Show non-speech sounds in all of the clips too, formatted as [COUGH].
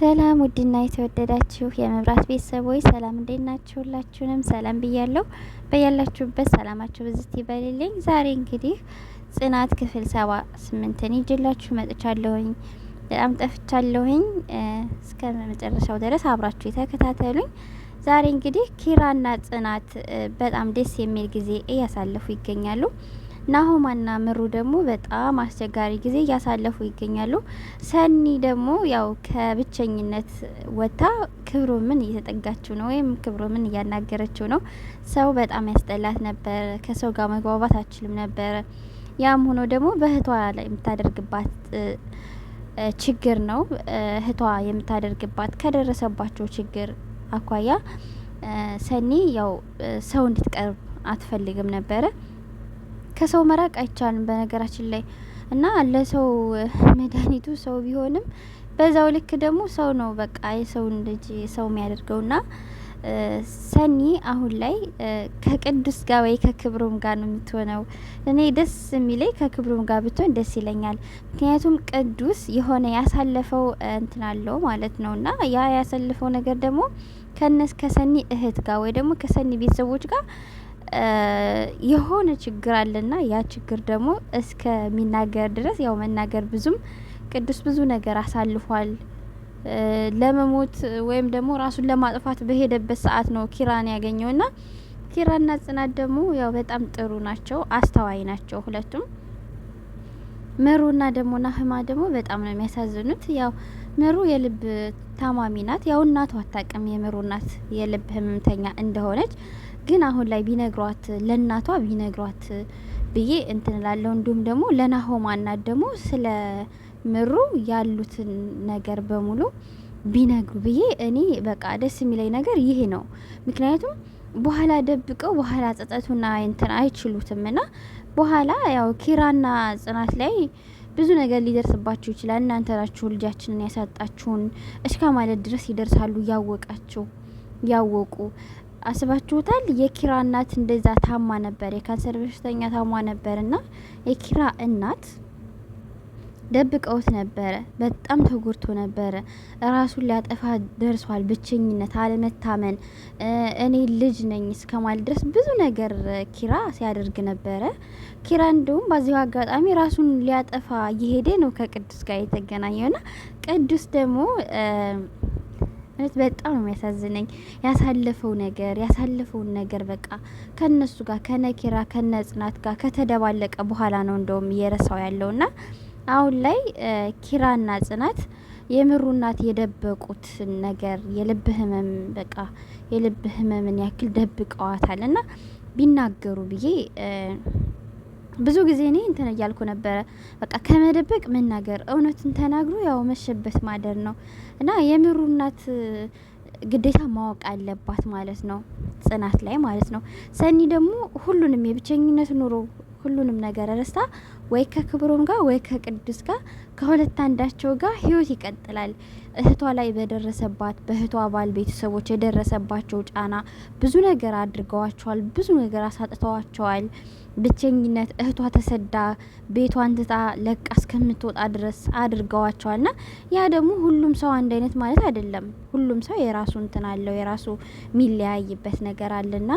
ሰላም ውድና የተወደዳችሁ የመብራት ቤተሰቦች ሰላም፣ እንዴት ናችሁላችሁንም ሰላም ብያለሁ። በያላችሁበት ሰላማችሁ ብዝት ይበልልኝ። ዛሬ እንግዲህ ጽናት ክፍል ሰባ ስምንትን ይዤላችሁ መጥቻለሁኝ። በጣም ጠፍቻለሁኝ። እስከ መጨረሻው ድረስ አብራችሁ የተከታተሉኝ። ዛሬ እንግዲህ ኪራና ጽናት በጣም ደስ የሚል ጊዜ እያሳለፉ ይገኛሉ። ናሆማና ምሩ ደግሞ በጣም አስቸጋሪ ጊዜ እያሳለፉ ይገኛሉ። ሰኒ ደግሞ ያው ከብቸኝነት ወጥታ ምን እየተጠጋችው ነው ወይም ክብሮ ምን እያናገረችው ነው። ሰው በጣም ያስጠላት ነበረ። ከሰው ጋር መግባባት አችልም ነበረ። ያም ሆኖ ደግሞ በእህቷ ላይ የምታደርግባት ችግር ነው። እህቷ የምታደርግባት ከደረሰባቸው ችግር አኳያ ሰኒ ያው ሰው እንድትቀርብ አትፈልግም ነበረ። ከሰው መራቅ አይቻልም በነገራችን ላይ እና ለሰው መድኃኒቱ ሰው ቢሆንም በዛው ልክ ደግሞ ሰው ነው በቃ የሰውን ልጅ ሰው የሚያደርገው ና ሰኒ አሁን ላይ ከቅዱስ ጋር ወይ ከክብሩም ጋር ነው የምትሆነው። እኔ ደስ የሚለኝ ከክብሩም ጋር ብትሆን ደስ ይለኛል። ምክንያቱም ቅዱስ የሆነ ያሳለፈው እንትን አለው ማለት ነው እና ያ ያሳለፈው ነገር ደግሞ ከነስ ከሰኒ እህት ጋር ወይ ደግሞ ከሰኒ ቤተሰቦች ጋር የሆነ ችግር አለና ያ ችግር ደግሞ እስከሚናገር ድረስ ያው መናገር ብዙም ቅዱስ ብዙ ነገር አሳልፏል። ለመሞት ወይም ደግሞ ራሱን ለማጥፋት በሄደበት ሰዓት ነው ኪራን ያገኘውና ኪራና ጽናት ደግሞ ያው በጣም ጥሩ ናቸው፣ አስተዋይ ናቸው ሁለቱም። ምሩና ደግሞ ናህማ ደግሞ በጣም ነው የሚያሳዝኑት። ያው ምሩ የልብ ታማሚ ናት። ያው እናቷ አታቅም የምሩ እናት የልብ ህመምተኛ እንደሆነች ግን አሁን ላይ ቢነግሯት ለእናቷ ቢነግሯት ብዬ እንትንላለው። እንዲሁም ደግሞ ለናሆማናት ደግሞ ስለ ምሩ ያሉትን ነገር በሙሉ ቢነግሩ ብዬ እኔ በቃ ደስ የሚለኝ ነገር ይሄ ነው። ምክንያቱም በኋላ ደብቀው በኋላ ጸጸቱና እንትን አይችሉትም ና በኋላ ያው ኪራና ጽናት ላይ ብዙ ነገር ሊደርስባችሁ ይችላል። እናንተ ናችሁ ልጃችንን ያሳጣችሁን እስከ ማለት ድረስ ይደርሳሉ። እያወቃችሁ ያወቁ አስባችሁታል? የኪራ እናት እንደዛ ታማ ነበር፣ የካንሰር በሽተኛ ታማ ነበር። እና የኪራ እናት ደብቀውት ነበረ። በጣም ተጎድቶ ነበረ። ራሱን ሊያጠፋ ደርሷል። ብቸኝነት፣ አለመታመን፣ እኔ ልጅ ነኝ እስከ ማለት ድረስ ብዙ ነገር ኪራ ሲያደርግ ነበረ። ኪራ እንዲሁም በዚሁ አጋጣሚ ራሱን ሊያጠፋ እየሄደ ነው ከቅዱስ ጋር ና ቅዱስ ደግሞ ማለት በጣም ነው የሚያሳዝነኝ። ያሳለፈው ነገር ያሳለፈውን ነገር በቃ ከነሱ ጋር ከነኪራ ከነጽናት ጋር ከተደባለቀ በኋላ ነው እንደውም እየረሳው ያለውና አሁን ላይ ኪራና ጽናት የምሩ እናት ነገር የልብ ህመም በቃ የልብ ህመምን ያክል ደብቀዋታል እና ቢናገሩ ብዬ ብዙ ጊዜ እኔ እንትን እያልኩ ነበረ። በቃ ከመደበቅ መናገር፣ እውነትን ተናግሮ ያው መሸበት ማደር ነው እና የምሩ እናት ግዴታ ማወቅ አለባት ማለት ነው ጽናት ላይ ማለት ነው። ሰኒ ደግሞ ሁሉንም የብቸኝነት ኑሮ ሁሉንም ነገር ረስታ ወይ ከክብሩም ጋር ወይ ከቅዱስ ጋር ከሁለት አንዳቸው ጋር ህይወት ይቀጥላል። እህቷ ላይ በደረሰባት በእህቷ ባል ቤተሰቦች የደረሰባቸው ጫና ብዙ ነገር አድርገዋቸዋል፣ ብዙ ነገር አሳጥተዋቸዋል። ብቸኝነት፣ እህቷ ተሰዳ ቤቷን ትታ ለቃ እስከምትወጣ ድረስ አድርገዋቸዋል። ና ያ ደግሞ ሁሉም ሰው አንድ አይነት ማለት አይደለም። ሁሉም ሰው የራሱ እንትን አለው፣ የራሱ የሚለያይበት ነገር አለና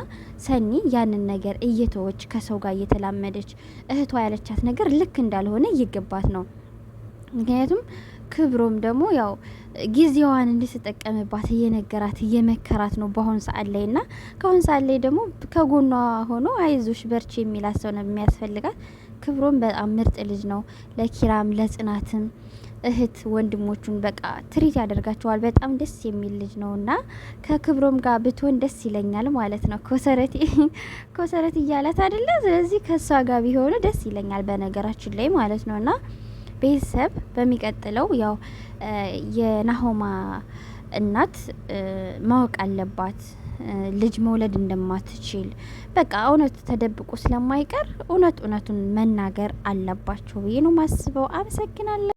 ሰኒ ያንን ነገር እየተወች ከሰው ጋር እየተላመደ ተናደደች። እህቷ ያለቻት ነገር ልክ እንዳልሆነ እየገባት ነው። ምክንያቱም ክብሮም ደግሞ ያው ጊዜዋን እንድትጠቀምባት እየነገራት እየመከራት ነው በአሁን ሰዓት ላይ እና ከአሁን ሰዓት ላይ ደግሞ ከጎኗ ሆኖ አይዞሽ በርቺ የሚላት ሰው ነው የሚያስፈልጋት። ክብሮም በጣም ምርጥ ልጅ ነው። ለኪራም ለጽናትም እህት ወንድሞቹን በቃ ትሪት ያደርጋቸዋል። በጣም ደስ የሚል ልጅ ነው እና ከክብሮም ጋር ብትሆን ደስ ይለኛል ማለት ነው። ኮሰረት [LAUGHS] ኮሰረት እያላት አይደለ? ስለዚህ ከእሷ ጋር ቢሆኑ ደስ ይለኛል በነገራችን ላይ ማለት ነው እና ቤተሰብ በሚቀጥለው ያው የናሆማ እናት ማወቅ አለባት ልጅ መውለድ እንደማትችል በቃ እውነቱ ተደብቆ ስለማይቀር እውነት እውነቱን መናገር አለባቸው ብዬ ነው ማስበው። አመሰግናለሁ።